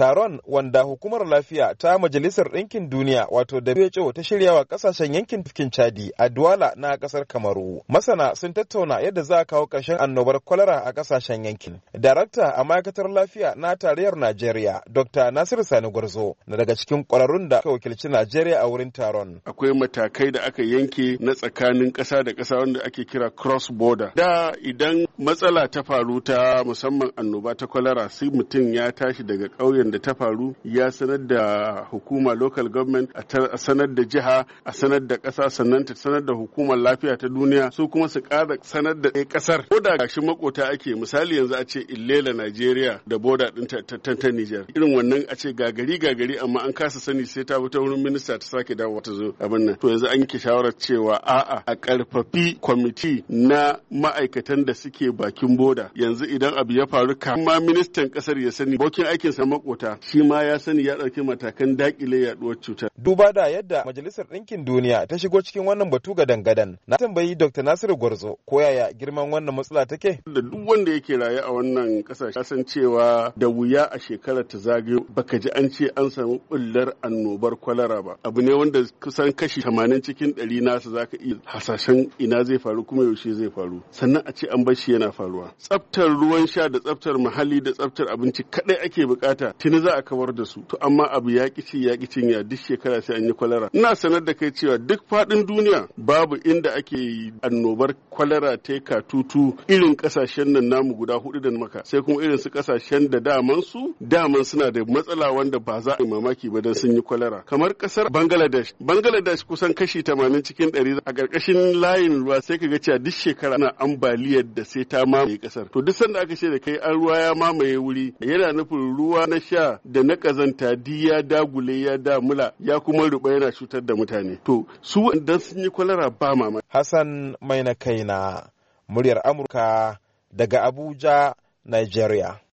Taron wanda hukumar lafiya ta Majalisar Ɗinkin Duniya wato WHO ta shirya wa ƙasashen yankin tafkin Chadi a Duwala na ƙasar Kamaru. Masana sun tattauna yadda za a kawo ƙarshen annobar kwalara a ƙasashen yankin. Darakta a ma'aikatar lafiya na tarayyar Najeriya, Dr. Nasiru Sani Gwarzo, na daga cikin ƙwararrun da aka wakilci Najeriya a wurin taron. Akwai matakai da aka yanke na tsakanin ƙasa da ƙasa wanda ake kira cross border. Da idan matsala ta faru ta musamman annoba ta kwalara sai mutum ya tashi daga ƙauyen Da ta faru ya sanar da hukuma local government a sanar da jiha a sanar da ƙasa sannan ta sanar da hukumar lafiya ta duniya su kuma su kara sanar da ƙasar ko da gashi makota ake misali yanzu a ce illela Najeriya da boda ɗin ta Nijar irin wannan a ce gagari gagari amma an kasa sani sai ta ta wurin minista ta sake dawo ta zo abin nan to yanzu an yi shawarar cewa a'a a karfafi kwamiti na ma'aikatan da suke bakin boda yanzu idan abu ya faru kama ministan ƙasar ya sani bokin aikinsa makota shi ma ya sani ya ɗauki matakan dakile yaduwar cutar. Duba da yadda Majalisar Ɗinkin Duniya ta shigo cikin wannan batu ga dangadan na tambayi Dr. Nasiru Gwarzo ko yaya girman wannan matsala take? Da duk wanda yake raye a wannan ƙasashe ya san cewa da wuya a shekarar ta zage baka ji an ce an samu bullar annobar kwalara ba. Abu ne wanda kusan kashi tamanin cikin ɗari nasa zaka iya hasashen ina zai faru kuma yaushe zai faru. Sannan a ce an bar shi yana faruwa. Tsaftar ruwan sha da tsaftar muhalli da tsaftar abinci kaɗai ake bukata tuni za a kawar da su to amma abu ya ƙi ya ƙi ya duk shekara sai an yi kwalara ina sanar da kai cewa duk faɗin duniya babu inda ake annobar kwalara ta katutu irin ƙasashen nan namu guda hudu da maka sai kuma irin su ƙasashen da daman su daman suna da matsala wanda ba za a yi mamaki ba don sun yi kwalara kamar ƙasar Bangladesh Bangladesh kusan kashi tamanin cikin ɗari. a ƙarƙashin layin ruwa sai ka ga cewa duk shekara ana ambaliyar da sai ta mamaye ƙasar to duk sanda aka ce da kai an ruwa ya mamaye wuri yana nufin ruwa na sha da na kazanta di ya dagule ya damula ya kuma ruba yana cutar da mutane to su dan sun yi kwalara ba mamaki hassan mai na kaina muryar amurka daga abuja nigeria